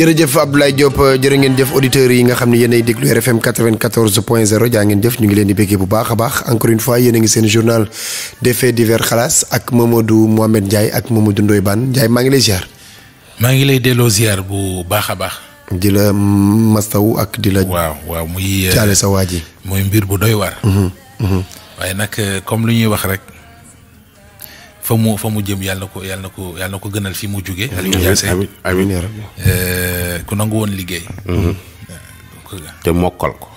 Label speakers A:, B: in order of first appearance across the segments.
A: jërëjëf Abdoulaye Diop euh, jërë ngeen jëf auditeurs yi nga xam ne yéen ay déglu RFM 94 point 0 jaa ngeen jëf ñu ngi leen di béggee bu baax a baax encore une fois yéen a ngi seen journal des divers xalaas ak moom Mohamed Ndiaye ak Mamadou Ndoye Bane Ndiaye maa ngi lay ziar.
B: maa ngi lay delloo ziar bu baax a baax.
A: di la mastaw ak di la. waaw waaw muy. Euh, caale sa waa ji. muy mbir bu doy waar. Mhm, mhm.
B: waaye nag euh, comme lu ñuy wax rek. fa mu fa mu jëm yàlla ko yàlla na ko yàlla ko gënal fi mu jóge Aliou Diassé amiin eh, ku nangu woon liggéey mm-hmm. Mm-hmm. te mokkal ko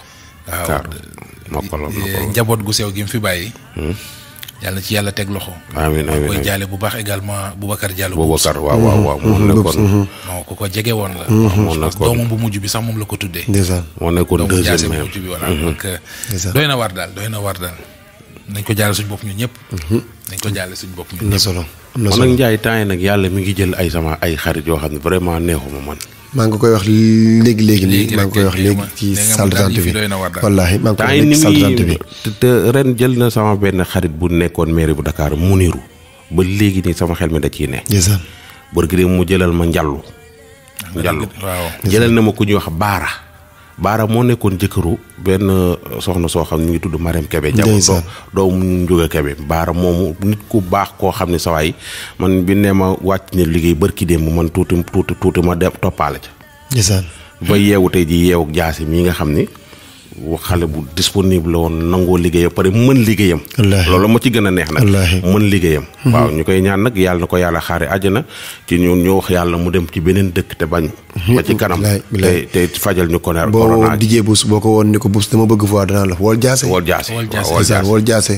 B: eh, njaboot gu sew gi mu fi bàyyi mm-hmm. yàlla ci yàlla teg loxo. amiin amiin koy jaale bu baax également Boubacar Diallo. Boubacar waaw waaw waaw moom ko jege woon la. moom bu mujj bi sax moom la ko tuddee. dèjà moo nekkoon deuxième bi voilà donc. Euh, doy na war daal doy na war daal. nañ ko jaale suñ bopp ñun ñëpp. Mhm. nañ ko jaale suñ bopp ñun na solo am man nag Ndiaye temps nag yàlla mi ngi jël ay sama ay xarit yoo xam ne vraiment neexuma man.
A: maa ngi koy wax léegi léegi nii maa ngi koy wax léegi ci salle d'attente bi wallaahi maa ngi koy wax léegi salle d'attente bi. te
B: ren jël na sama benn xarit bu nekkoon mairie bu Dakar Muniru ba léegi nii sama xel mi da ciy ne. ndeysaan. bërgi mu jëlal ma njallu ah, njallu waaw jëlal na ma ku ñuy wax baara Baara moo nekkoon jëkkëru benn euh, soxna soo xam ne ñu ngi tudd Marème Kébé. soo doomu ñu jóge Kébé Baara moomu nit ku baax koo xam ne sawaay man bi ne ma wàcc ne liggéey bërki démb man tuuti tuuti tuuti ma dem toppaale
A: ca.
B: ba yeewu tey ji yeewu jaasi mi nga xam ni. xale bu disponible woon nangoo liggéeyam pare mën liggéeyam loolu moo ci gën a neex nag mën liggéeyam mhm. waaw ñu koy ñaan nag yàlla ko yàlla xaare àjjana ci ñun ñu wax yàlla mu dem ci beneen dëkk te bañ ba ci kanam te te fajal ñu ko
A: ne boo woon dijee buus boo ko woon ni ko buus dama bëgg faa danaa la wol jaase wol jaase wol jaase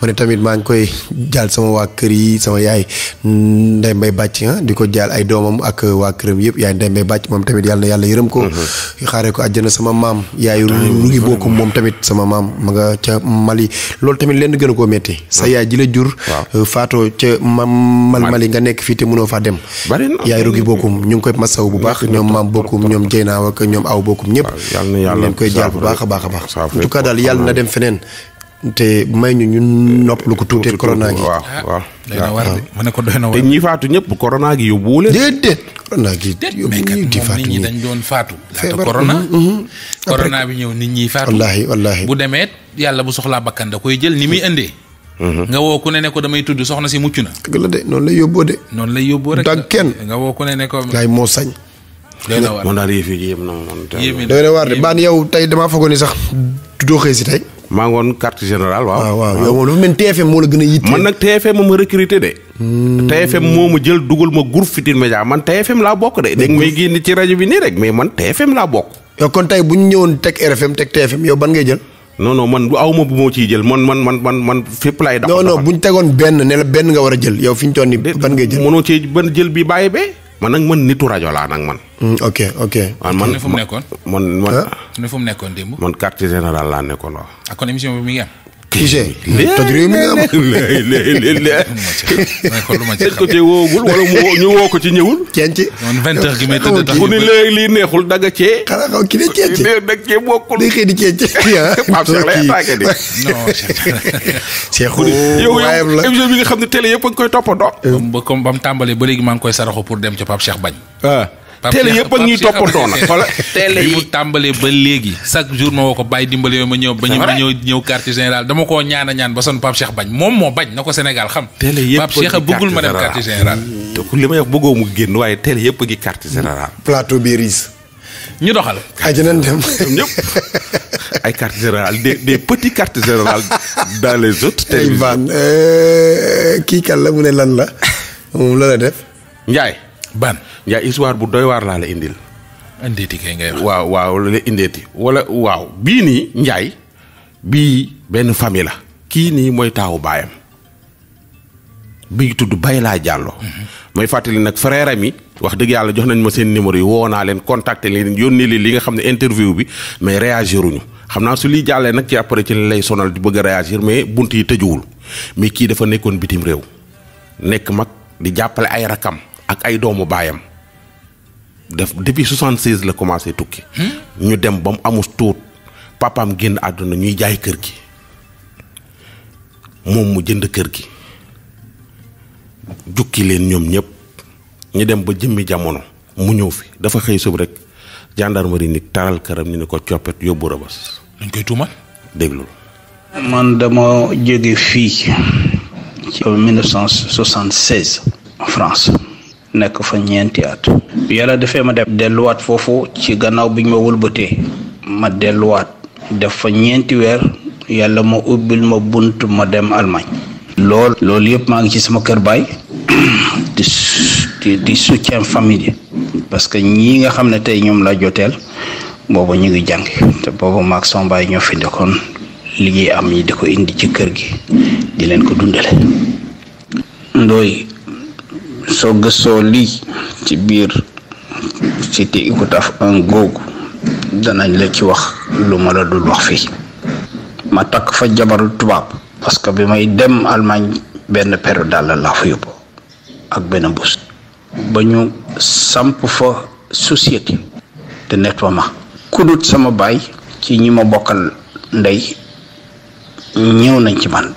A: ma ne tamit maa ngi koy jaal sama waa kër yi sama yaay ndey mbay bàcc ah di ko jaal ay doomam ak waa këram yëpp yaay ndey bàcc moom tamit yàlla yàlla yërëm ko mhm. xaare ko ajjana sama maam yaay ñu ngi bokk moom tamit sama maam ma nga ca Mali loolu tamit lenn gën koo métti ah. sa yaay ji la jur euh, faatoo ca mal Mali nga nekk fii te mënoo faa dem yaay rugi bokkum ñu ngi koy masaw bu baax ñoom maam bokkum ñoom Jeynaaw ñoom aw bokkum ñëpp leen koy jaar bu baax a baax a baax en tout cas daal yàlla na dem feneen te may ñu ñun noppalu ko tuuti corona gi. waaw ah, waaw ah, ah. ne ko doy na war te ñi faatu
B: ñëpp corona gi yóbbuwul leen. déedéet corona gi yóbbu ñi di faatu nit dañ doon faatu. feebar corona.
A: Mm-hmm, mm-hmm.
B: bi ñëw nit ñi faatu. wallaahi wallaahi bu demee yàlla bu soxlaa bakkan da koy jël ni muy indee. Mm-hmm. nga woo ku ne ne ko damay tudd soxna si mucc na.
A: dëgg la de noonu lay yóbboo de. noonu lay yóbboo rek dag kenn nga woo ku ne ne ko. laay moo sañ. doy na waar moom daal yëf yi baan yow tey damaa foogoon sax doo xëy si tey maa ngi woon carte waaw. Ah, waaw waaw ah. yow moom dafa mel TFM moo la gën a
B: yitte. man nag TFM moo ma recruté
A: de. TFM hmm. moo ma
B: jël dugal ma groupe Futurs Médias man fem laa bokk de. dégg may génn ci rajo bi nii rek mais man TFM laa bokk.
A: yow kon tey bu ñu ñëwoon teg RFM teg TFM yow ban ngay jël. noonoo non man aw ma bu moo ciy jël man man man man man fépp laay. doxal non non bu ñu tegoon benn ne benn nga war a jël yow fi ñu toon nii ban ngay jël. mënoo
B: cee ban jël bi bàyyi bee. man nag man nitu rajo laa nag man.
A: Mm, ok ok. man man fu mu
B: nekkoon. man man. fu mu nekkoon démb. man quartier général laa nekkoon waaw. Ah, kon émission bi mi
A: IG. toj réew mi nga xam ko ci woogul wala
B: mu ñu neexul da nga cee. xanaa xaw ki ne ceeñ ci xam ne télé yëpp a ngi koy toppandoo. comme ba comme ba mu tàmbalee ba léegi maa ngi koy saraxu pour dem ca Pape Cheikh bañ. Ah. télé yëpp ak ñuy toppatoo nag mu tàmbalee ba léegi chaque jour ma woo ko bàyyi dimbali ma ñëw ba ñu ma ñëw ñëw quartier général dama koo ñaan a ñaan ba son Pape bañ moom moo bañ na ko Sénégal xam télé yëpp Pape a bëggul ma dem quartier général donc li may mu génn waaye télé yëpp a ngi quartier général
A: plateau bi ñu doxal aji
B: ay quartier général des des petits quartiers général dans les autres télévisions
A: euh, kii kan la mu ne lan la moom la la def
B: Ndiaye ban yaa histoire bu doy waar laa la indil. indeeti kay ngay waaw waaw la indeeti wala waaw bii nii Njaay bii benn famille la. kii nii mooy taawu baayam bi ngi tudd Bayla Diallo. mooy mm-hmm. fàttali nag frère am yi wax dëgg yàlla jox nañ ma seen numéro yi woo naa leen contacter leen yónnee leen li nga xam ne interview bi mais réagiruñu xam naa su lii jàllee nag ci après ci lay sonal di bëgg a réagir mais bunt yi tëjuwul mais kii dafa nekkoon bitim réew nekk mag di jàppale ay rakam. ak ay doomu baayam def depuis 76 la commencé tukki. Hmm? ñu dem ba mu amus tuut papaam génn àdduna ñuy jaay kër gi moom mu jënd kër gi jukki leen ñoom ñëpp ñu dem ba jëmmi jamono mu ñëw fi dafa xëy sub rek gendarmerie nit taral këram ñu ne ko coppet yóbbu rëbës. dañ koy tuumal déglu. man dama
C: jóge fii. ci 1976 France. nekk fa ñeenti at bi defee ma dem delluwaat foofu ci gannaaw bi ñu ma wulbatee ma delluwaat def fa ñeenti weer yàlla ma ubbil ma bunt ma dem almaañ lool loolu yëpp maa ngi ci sama kër baay di di soutien famille parce que ñi nga xam ne tey ñoom laa joteel boobu ñu ngi jàng te boobu maag sama ñoo fi nekkoon liggéey am ñi di ko indi ci kër gi di leen ko dundale ndooy soo gëstoo lii ci biir cité Icotaf un googu danañ la ci wax lu ma la dul wax fii ma takk fa jabaru tubaab parce que bi may dem almaañ benn peru dàll laa fa yóbbu ak benn bus ba ñu samp fa société de nettoiement ku dut sama baay ci ñi ma bokkal ndey ñëw nañ ci man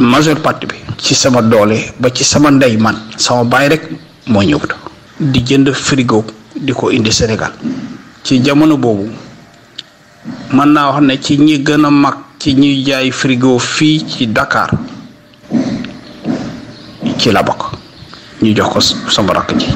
C: majeure partie bi ci sama doole ba ci sama ndey man sama baay rek moo ñëwut di jënd frigo di ko indi Sénégal ci jamono boobu mën naa wax ne ci ñi gën a mag ci ñuy jaay frigo fii ci dakaar ci la bokk ñu jox ko sama rakk ji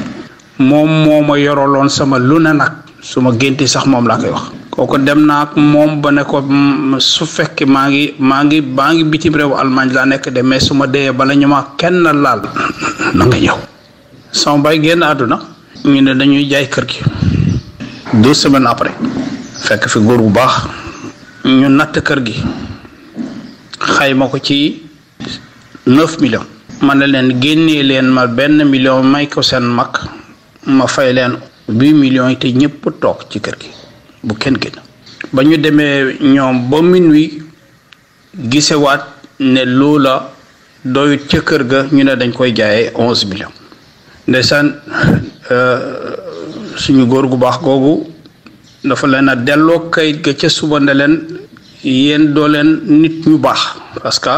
C: moom moo ma yoroloon sama lu ne nag su ma génti sax moom laa koy wax kooko dem naa ak moom ba ne ko mm, su fekkee maa ngi maa ngi baa ngi bitim réew Allemagne laa nekk de mais su ma dee bala ñu ma kenn laal na nga ñëw sama baay génn àdduna ñu ne dañuy jaay kër gi deux semaines après fekk fi góor bu baax ñu natt kër gi xayma ko ci neuf millions ma ne leen génnee leen ma benn million may ko seen mag ma fay leen huit millions yi te ñëpp toog ci kër gi bu kenn génn ba ñu demee ñoom ba minuit gisewaat ne loola doyut ca kër ga ñu ne dañ koy jaayee onze millions ndeysaan euh, suñu góor gu baax googu dafa leen a delloo kayit ga ca suba ne leen yéen doo leen nit ñu baax parce que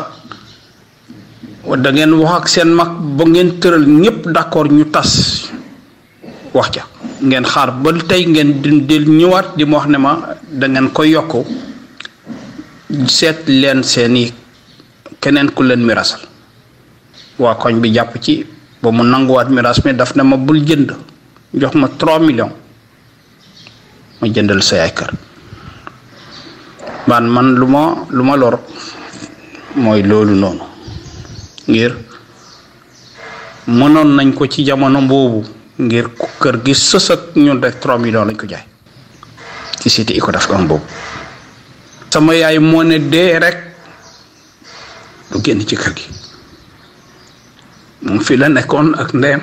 C: da wax ak seen mag ba ngeen tëral ñépp d'accord ñu tas wax ja ngeen xaar ba tey ngeen di ñëwaat di mu wax ne ma dangeen ngeen koy yokk seet leen seeni keneen ku leen mirasal waa koñ bi jàpp ci ba mu nanguwaat miras mi daf ne ma bul jënd jox ma 3 millions ma jëndal sa yaay kër baan man lu ma lu ma lor mooy loolu noonu ngir mënoon nañ ko ci jamono boobu ngir kër gi sës ak ñun rek trois millions lañ ko jaay ci site Icodaf1 boobu sama yaay moo ne dee rek du génn ci kër gi moom fii la nekkoon ak ndeyam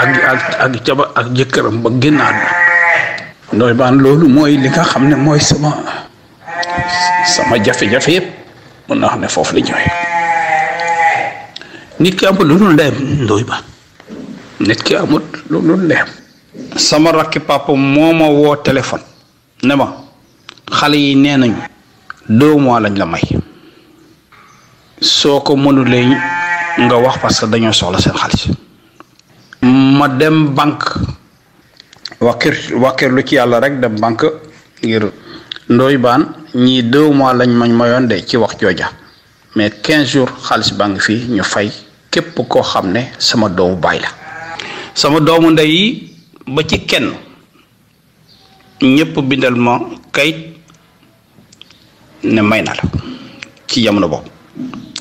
C: ak ak ak jabar ak jëkkëram ba génn àdduna ndoy baan loolu mooy li nga xam ne mooy sama sama jafe yëpp mën naa xam ne foofu la ñëwee nit ki am lu dul ndeyam ndoy baan nit ki amut lu lu neex sama rakki papa moo ma woo téléphone ne ma xale yi nee nañu deux mois lañ la may soo ko mënulee nga wax parce que dañoo soxla seen xaalis ma dem banque wakkir wakkir ci yàlla rek dem banque ngir ndooy baan ñii deux mois lañ mañ mayoon de ci wax jooja mais quinze jours xaalis baa ngi fii ñu fay képp koo xam ne sama doomu baay la sama doomu ndey yi ba ci kenn ñépp bindal ma kayit ne may na la ci jamono boobu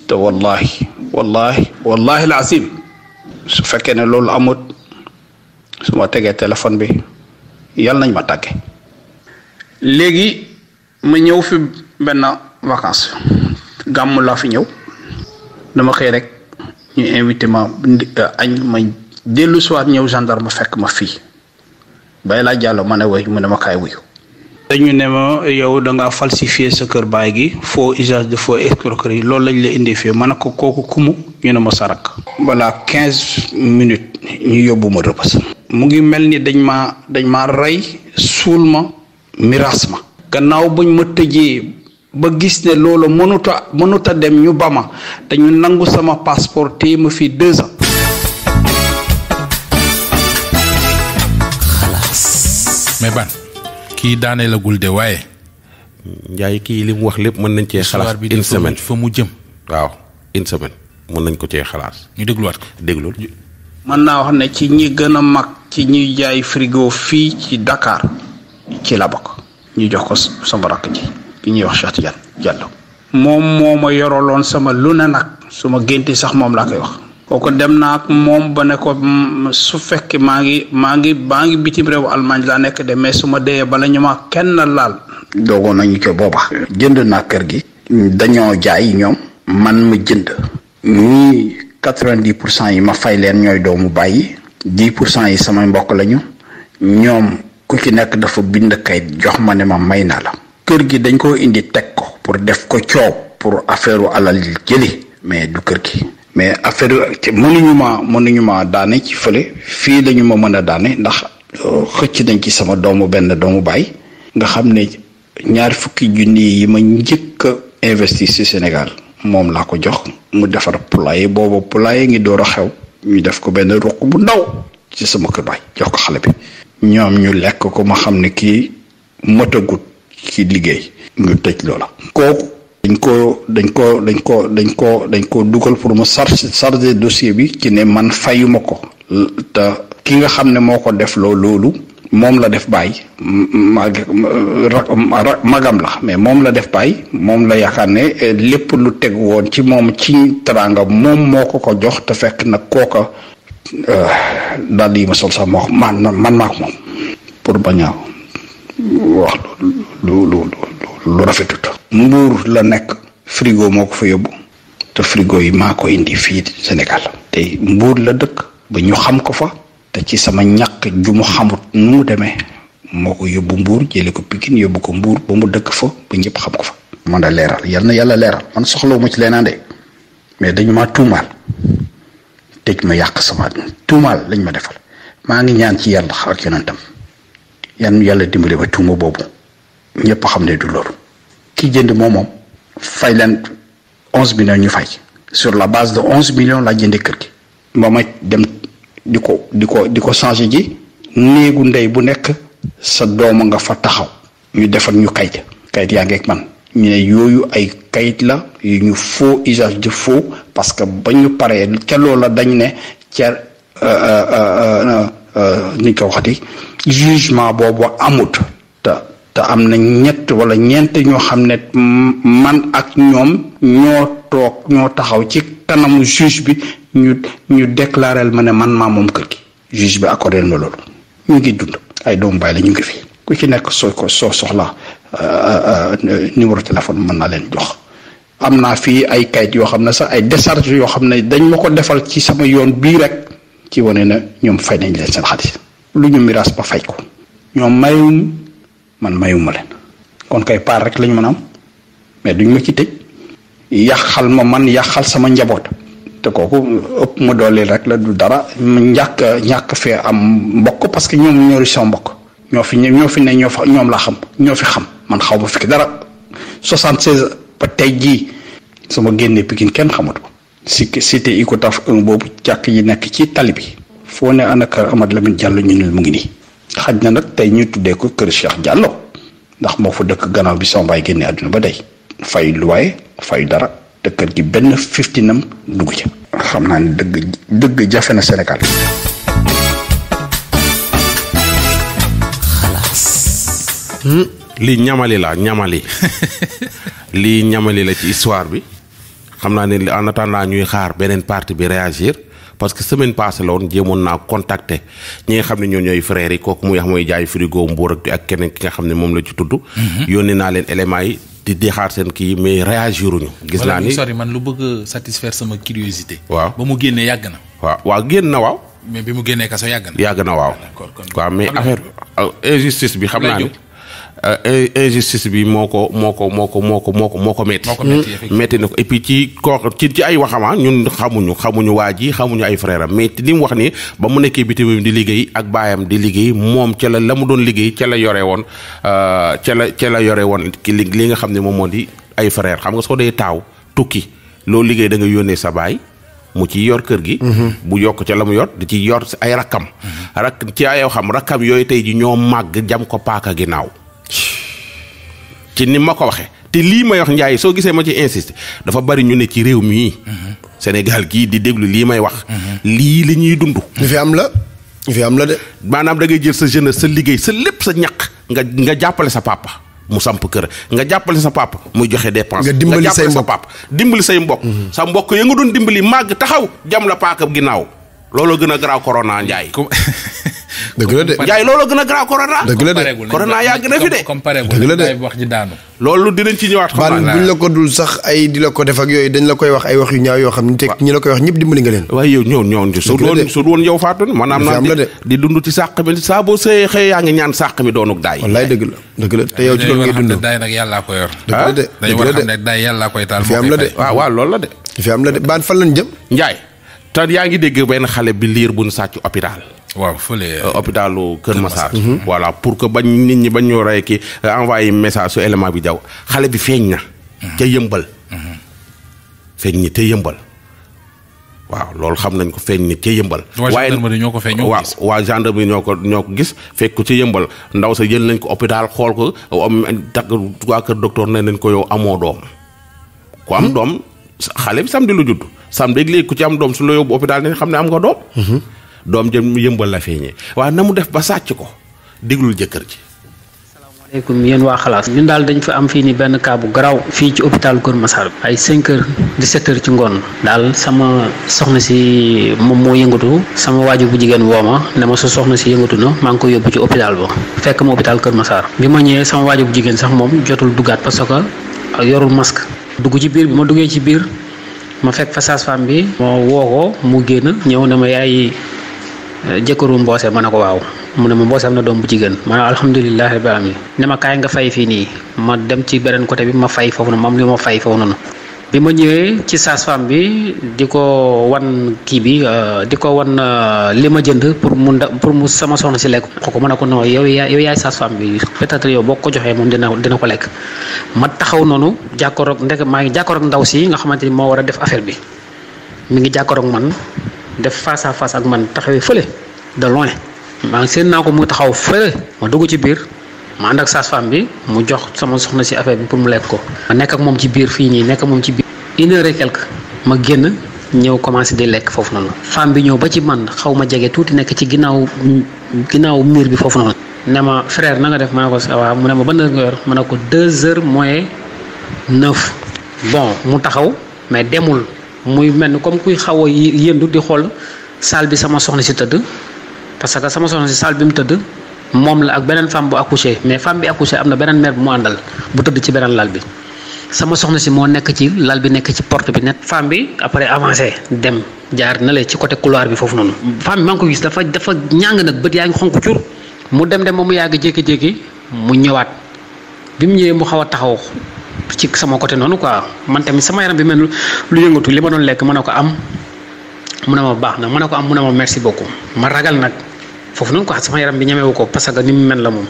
C: te wallahi wallahi wallahi alazim su fekkee ne loolu amut su ma tegee téléphone bi yàlla nañ ma tàgge léegi ma ñëw fi benn vacance gàmm laa fi ñëw dama xëy rek ñu invité euh, añ ma dellu siwaat ñëw gendarme fekk ma fii bay laa jàllo ma ne woy mu ne ma kaay wuyu dañu ne ma yow da ngaa falsifié sa kër baay gi foo usage de foo faux yi loolu lañu la indi fii ma ne ko kooku kumu ñu ne ma sarak voilà quinze minutes ñu yóbbu ma rëbës mu ngi mel ni dañ ma dañ ma rey suul ma miraas ma gannaaw buñ ma tëjee ba gis ne loolu mënuta mënuta dem ñu ba ma dañu nangu sama passeport téye ma fii deux ans
B: mais ban kii daaneelagul de waaye. njaay kii li mu wax lépp mën nañ cee xalaat une semaine fa mu jëm. waaw une semaine mën nañ ko cee xalaat. ñu dégluwaat ko
C: mën naa wax ne ci ñi gën a mag ci ñuy jaay frigo fii ci Dakar ci la bokk. ñu jox ko sama rakk ji bi ñuy wax Cheikh Tidiane Diallo moom moo ma yoroloon sama lu ne nag su ma génte sax moom laa koy wax. kooku dem naa ak moom ba ne ko mm, su fekkee maa ngi maa ngi maa ngi bitim réew Allemagne laa nekk de mais su ma dee bala ñu ma kenn laal. doogoon nañu ko booba. jënd naa kër gi. dañoo jaay ñoom. man ma jënd. ñii quatre pour cent yi ma fay leen ñooy doomu bàyyi. dix pour cent yi samay mbokk lañu. ñoom ku ci nekk dafa bind kayit jox ma ne ma may naa la. kër gi dañ koo indi teg ko. pour def ko coow. pour affaire alal jëli mais du kër gi. mais affaire ci mënuñu ma mënuñu ma daane ci fële fii lañu ma mën a daane ndax euh, xëcc nañ ci sama doomu benn doomu baay nga xam ne ñaar fukki junni yi ma njëkk a investir ci Sénégal moom laa ko jox mu defar poulailler booba poulailler ngi door a xew ñu def ko benn ruq bu ndaw ci sama kër baay jox ko xale bi ñoom ñu lekk ko ma xam ne kii motagut ci liggéey ñu tëj loola kooku dañ ko dañ ko dañ koo dañ koo dañ koo dugal pour mu charge chargé dossier bi ci ne man fayuma ko te ki nga xam ne moo ko def loolu moom la def bàyyi mag magam la mais moom la def bàyyi moom la yaakaar ne eh, lépp lu teg woon ci moom ci teraanga moom moo ko ko jox te fekk nag kooka eh, daal yi ma sol sax moo man man moom pour bañ a lu lu lu lu rafetut mbuur la nekk frigo moo ko fa yóbbu te frigo yi maa ko indi fii Sénégal te mbuur la dëkk ba ñu xam ko fa te ci sama ñàkk ju mu xamut nu mu demee moo ko yóbbu mbuur jële ko Pikine yóbbu ko mbuur ba mu dëkk fa ba ñëpp xam ko fa man a leeral yal na yàlla leeral man soxlawu ma ci leneen de mais dañu ma tuumaal tëj ma yàq sama tuumaal lañ ma defal maa ngi ñaan ci yàlla ak yonentam yan yàlla dimbali ba tuuma boobu ñëpp xam ne du loolu ki jënd moom moom fay leen onze millions ñu fay sur la base de onze millions laa jëndee kër gi ba ma dem di ko di ko di ko changé ji néegu ndey bu nekk sa dooma nga fa taxaw ñu defar ñu kayit kayit yaa ngeeg man ñu ne yooyu ay kayit la yu ñu faux usage de faux parce que ba ñu paree ca la dañ ne ca euh, euh, euh, niñ ko waxati jugement boobu amut te te am na ñett ñett wala ñeent ñoo xam ne man ak ñoom ñoo toog ñoo taxaw ci kanamu juge bi ñu ñu déclarel ma ne man maa moom kër gi juge bi accordé ma loolu ñu ngi dund ay doomu baay la ñu ngi fi ku ci nekk soo soo soxla euh, euh, euh, numéro téléphone mën naa leen jox am naa fii ay kayit yoo xam ne sax ay décharge yoo xam ne dañ ma ko defal ci sama yoon bii rek ci wane na ñoom fay nañ leen seen xaalis lu ñu miraas ba fay ko ñoom mayum man mayuma leen kon kay paar rek lañu man a am mais duñ ma ci tëj yàqal ma man yàqal sama njaboot te kooku ëpp ma dooleel rek la du dara ñàkk ñàkk fee am mbokk parce que ñoom ñoo sama mbokk ñoo fi ñoo fi ne ñoo fa ñoom laa xam ñoo fi xam man xaw ma fi dara 76 ba tey jii sama génnee pikin kenn xamatu ko si cité Icotaf boobu jàkk yi nekk ci tali bi foo ne ana kër Amadou Lamine jàll ñu ne mu ngi nii xaj na nag tey ñu tuddee ko kër Cheikh jàlloo ndax moo fa dëkk ganaaw bi sama baay génne àdduna ba day fay luwaay fay dara te kër gi benn fiftinam dugg ci xam naa ne dëgg dëgg jafe na senegal
D: xalaas.
B: Hmm? lii ñamali la ñamali lii ñamali la ci histoire bi xam naa ne en naa ñuy xaar beneen parti bi réagir. parce que semaine passée la woon jéemoon naa contacter ñi nga xam ne ñoo ñooy frères yi kooku muy xam mooy jaay frigo Mbour ak keneen ki nga xam ne moom la ci tudd. Mhm. yónnee naa leen éléments yi di xaar seen kii mais réagiruñu. gis naa ni sori man lu bëgg satisfaire sama curiosité. waaw ba mu génnee yàgg na. waaw waaw génn na waaw. mais bi mu génnee kaso yàgg na. yàgg na waaw. waaw mais affaire euh, injustice bi xam naa ni. Euh, injustice bi moo ko moo ko moo ko moo ko moo ko moo ko métti métti na ko et puis ci koo ci ci ay waxama ah, ñun xamuñu xamuñu waa ji xamuñu ay frère am mais li mu wax nii ba mu nekkee bitim di liggéey ak baayam di liggéey moom ca la la mu doon liggéey ca la yore woon euh, ca la ca la yore woon ki li nga xam ne moom moo di ay frère xam nga soo dee taaw tukki loo liggéey dangay yónnee sa baay mu ci yor kër gi mm-hmm. bu yokk ca la mu yor di ci yor ay rakkam mm-hmm. rak ci ayoo xam rakkam yooyu tey ji ñoo màgg jam ko paaka ginnaaw ci ni ma ko waxee te lii may wax yi soo gisee ma ci insiste dafa bari ñu ne ci réew mii Sénégal kii di déglu lii may wax lii la ñuy dund li fi am la li fi am la de maanaam da ngay jël sa jeunesse sa liggéey sa lépp sa ñaq nga nga jàppale sa pàppa mu samp kër nga jàppale sa papa muy joxe dépense. nga dimbali say mbokk sa dimbali say mbokk. sa mbokk ya nga dun dimbali màgg taxaw jam la paaka ginnaaw looloo gën a garaaw corona Ndiaye. dëgg la de jaay loolu gën a grave corona. dëgg la de corona yàgg na fi de. dëgg la de loolu dinañ ci ñëwaat. xam naa buñ
A: la ko dul sax ay di la ko def yooyu dañ la koy wax ay wax yu ñaaw yoo xam ne teg wax ñëpp dimbali nga leen. waaye yow ñëw ñëw su
B: doon su doon yow faatu maanaam naa di dund ci sàq mi saa sëyee xëy yaa ngi ñaan sàq mi doonuk daay.
A: wallaay dëgg la dëgg la
B: ko yor. dëgg la ah? de dañu war a xam ne daay yàllaa koy taal. fi am la de waaw ah, waaw
A: loolu la de. fi am la de baan fan lañ jëm. Njaay te
B: ngi dégg benn xale bi liir bu ñu sàcc hôpital waaw fële. Euh, hôpitalu Kër Massar. Mhm. voilà pour que bañ nit ñi bañ ñoo rey ki euh, envoyé message su élément bi jaw xale bi feeñ na. Mhm. ca yëmbal. Mhm. feeñ ñi te yëmbal. waaw loolu xam nañ ko feeñ ni ca yëmbal. waaye gendarmerie ñoo ko feeñ ñoo gis waaw gendarmerie ñoo ko ñoo ko gis fekk ko ca yëmbal ndaw sa jël nañ ko hôpital xool ko am waa kër docteur ne nañ ko yow amoo doom. ku am doom xale bi samedi lu judd samedi léegi ku ci am doom su la yóbbu hôpital nañ xam ne am nga doom. doom jëm yëmbal la feeñee waa na mu def ba sàcc ko déglul jëkkër ji.
D: asalaamaaleykum yéen waa xalaas ñun daal dañ fa am fii ni benn cas garaw fii ci hôpital Kër Massar bi ay 5 heures ci ngoon daal sama soxna si moom moo yëngatu sama waajur bu jigéen woo ma ne ma sa soxna si yëngatu na maa ngi ko yóbbu ci hôpital ba fekk ma hôpital Kër bi ma ñëwee sama waajur bu jigéen sax moom jotul duggaat parce que yorul mask dugg ci biir bi ma duggee ci biir ma fekk fa sage-femme bi ma woo ko mu génn ñëw ne ma yaay jëkkëru mboose ma ne ko waaw mu ne ma mboose am na doom bu jigéen gën ma ne alhamdulilah rabbil alamin ne ma nga fay fii nii ma dem ci beneen côté bi ma fay foofu na moom li ma fay foofu noonu bi ma ñëwee ci sage-femme bi di ko wan kii bi euh, di ko wan euh, li ma jënd pour mu pour mu sama soxna si lekk ko ma ne ko yow yaa yow yaay sage bi peut-être yow ko joxee moom dina dina ko lekk ma taxaw noonu jàkkaarloog ndek maa ngi jàkkaarloog ndaw si nga xamante ni moo war a def affaire bi mi ngi jàkkaarloog man def face à ak man taxawee fële de loin maa ngi seen naa ko mu taxaw fële ma dugg ci biir ma ànd ak sage-femme bi mu jox sama soxna si affaire bi pour mu lekk ko. ma nekk ak moom ci biir fii nii nekk moom ci biir une heure quelque ma génn ñëw commencé di lekk foofu noonu. femme bi ñëw ba ci man xaw ma jege tuuti nekk ci ginnaaw ginnaaw mur bi foofu noonu. ne ma frère na nga def ma ne ko ça va mu ne ma ban heure nga yor ma ko deux heures moins neuf. bon mu taxaw mais demul muy mel ni comme kuy xaw a yëndu di xool salle bi sama soxna si tëdd. parce que sama soxna si salle bi mu tëdd moom la ak beneen femme bu accouché mais femme bi accouché am na beneen mère bu mu àndal bu tëdd ci beneen lal bi sama soxna si moo nekk ci lal bi nekk ci porte bi net femme bi après avancé dem jaar na le ci côté couloir bi foofu noonu femme bi maa ngi ko gis dafa dafa ñàng nag bët yaa ngi xonk cur mu dem dem ba mu yàgg jékki-jékki mu ñëwaat bi mu ñëwee mu xaw a taxaw ci sama côté noonu quoi man tamit sama yaram bi mel lu yëngatu li ma doon lekk mën na ko am mu ne ma baax na mën na ko am mu ne foofu noonu quoi sama yaram bi ñemewu ko parce que ni mu mel la moom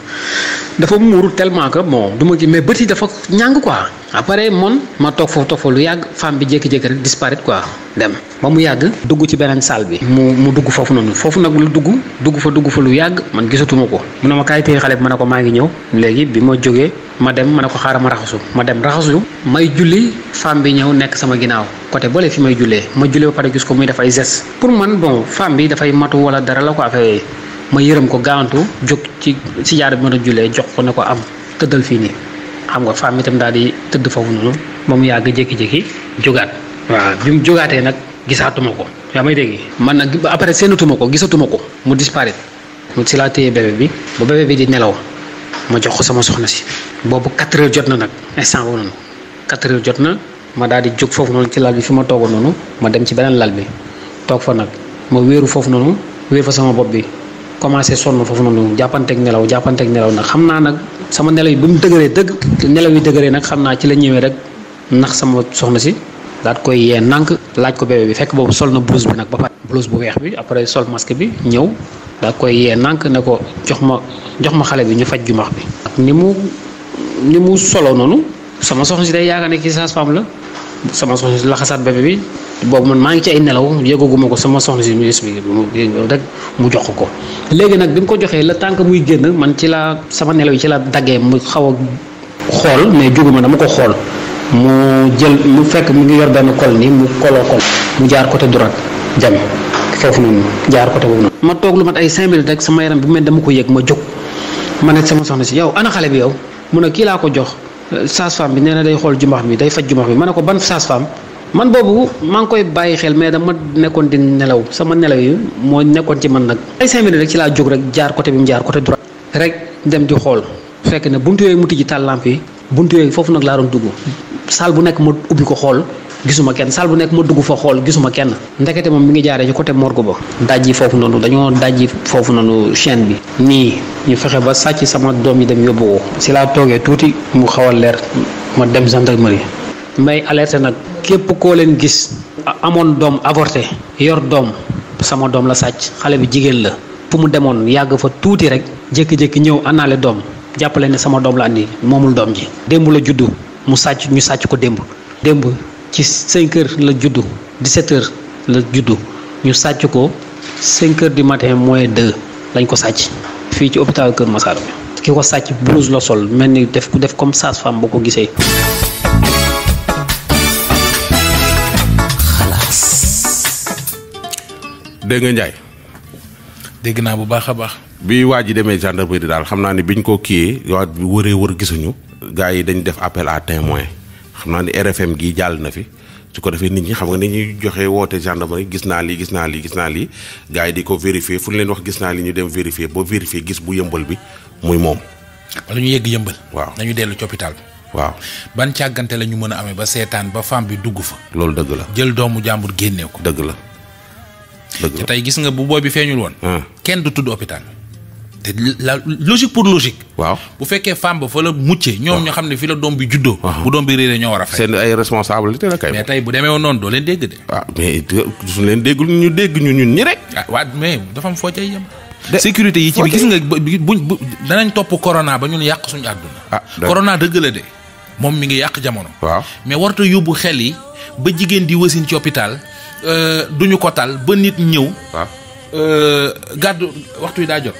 D: dafa muuru tellement que bon du ma kii dafa ñàng quoi après mon ma toog foofu lu yàgg femme bi jékki-jékki rek disparaître quoi dem yàgg dugg ci beneen salle bi mu mu dugg foofu noonu foofu nag dugg dugg fa dugg fa lu yàgg man gisatuma ko mu ne ma kaay téye xale ma ne ko maa ngi ñëw léegi bi ma jógee ma dem ma ne ko xaaral ma raxasu ma dem raxasu may julli femme bi ñëw nekk sama ginnaaw côté boole fi may jullee ma jullee ba gis ko muy def ay gestes pour man bon femme bi dafay matu wala dara la ko affaire ma yërëm ko gaawantu jóg ci si jaar bi ma doon jullee jox ko ne ko am tëddal fii nii xam nga femme itam daal di tëdd foofu noonu moom yàgg jékki-jékki jógaat bi mu jógaatee nag gisaatuma ko yaa may dégg man nag après séenatuma ko gisatuma ko mu disparaître mu si laa téye bi ba bébé bi nelaw ma jox ko sama soxna si boobu 4 jot na nag instant woo noonu 4 jot na ma daal di jóg foofu noonu ci lal bi fi ma toogoon noonu ma dem ci beneen lal bi toog fa nag ma wéeru foofu noonu wéer fa sama bopp bi commencé na foofu noonu jàppanteeg nelaw jàppanteeg nelaw nag xam naa nag sama nelaw yi ba mu dëgëree dëgg nelaw yi dëgëree nag xam naa ci la ñëwee rek ndax sama soxna si daat koy yee nank laaj ko bébé bi fekk boobu sol na blouse bi nag ba pare bu weex bi après sol masque bi ñëw daat koy yee nànk ne ko jox ma jox ma xale bi ñu faj jumax bi ak ni mu ni mu solo noonu sama soxna si day yaakaar ne kii sage-femme la sama soxna si laxasaat bébé bi boobu man maa ngi ci ay nelaw yëgaguma ko sama soxna si mu expliqué rek mu jox ko léegi nag bi mu ko joxee la tànk muy génn man ci laa sama nelaw yi ci la daggee mu xaw a xool mais jóguma dama ko xool mu jël mu fekk mu ngi yor benn kol nii mu koloo kol mu jaar côté droite dem foofu noonu jaar côté boobu ma toog lu mat ay cinq minutes rek sama yaram bi mel dama ko yëg ma jóg ma ne sama soxna si yow ana xale bi yow mu ne kii laa ko jox euh, saas-femme bi nee na day xool jumbax mi day faj jumbax mi ma ne ko ban saas-femme man boobu maa ngi koy bàyyi xel mais dama nekkoon di nelaw sama nelaw yi moo nekkoon ci man nag ay cinq rek ci laa jóg rek jaar côté bi mu jaar côté droit rek dem di xool fekk ne buntu yooyu mu tijji taal lamp yi buntu yooyu foofu nag laa doon dugg saal bu nekk ma ubbi ko xool gisuma kenn saal bu nekk ma dugg fa xool gisuma kenn ndekete moom mi ngi jaaree ci côté morgue ba dajji foofu noonu dañoo dajj foofu noonu chaîne bi nii ñu fexe ba sàcc sama doom yi dem yóbbu ko si laa toogee tuuti mu xaw a leer ma dem gendarmerie may alerté nag képp koo leen gis amoon doom avorté yor doom sama doom la sàcc xale bi jigéen la fu mu demoon yàgg fa tuuti rek jékki-jékki ñëw àndaale doom jàppale ne sama doom la andi moomul doom ji démb la juddu mu sàcc ñu sàcc ko démb démb ci 5 heures la juddu 17 heures la juddu ñu sàcc ko 5 heures di matin moins 2 lañ ko sàcc fii ci hôpital Kër Massar bi ki ko sàcc blouse la sol mel ni def ku def comme sage-femme boo ko gisee. dégg nga Ndiaye.
B: dégg naa bu baax a baax. bi waa ji demee gendarmerie daal xam naa ne ñu ko kii kiiyee waa wëree wër gisuñu. gars yi dañu def appel à témoin xam naa ni RFM gii jàll na fi su ko defee nit ñi xam nga ni ñuy joxe woote gendarmerie gis naa lii gis naa lii gis naa lii gars yi di ko vérifier fu ñu leen wax gis naa lii ñu dem vérifier ba vérifier gis bu yëmbal bi muy moom. wala ñu yegg yëmbal. waaw nañu dellu ci waaw ban càggante lañu mën a amee ba seetaan ba femme bi dugg fa. loolu dëgg la jël doomu jàmbur génne ko. dëgg la. te tey gis nga bu booy bi feeñul woon. Ah. kenn du tudd hôpital. te la logique pour logique. waaw bu fekkee femme ba fa la muccee. ñoom ah. ñoo xam ne fi la doom bi juddoo. Ah. bu doom bi réeree ñoo war a fay. seen ay responsabilité la kay. mais tey bu demee woon noonu doo leen dégg de. ah mais suñu leen déggul ñu dégg ñu ñun ñi rek. ah waa mais dafa am foo cay yem. sécurité yi ci bi gis nga buñ bu danañ topp corona ba ñun yàq suñu àdduna. ah corona dëgg la de moom mi ngi yàq jamono. waaw mais warta yóbbu xel yi ba jigéen di wasin ci hôpital Euh, du ñu ko tal ba nit ñëw. waaw euh, gàddu waxtu yi daa jot.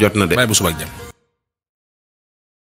A: jot na de bàyyi bu suba ak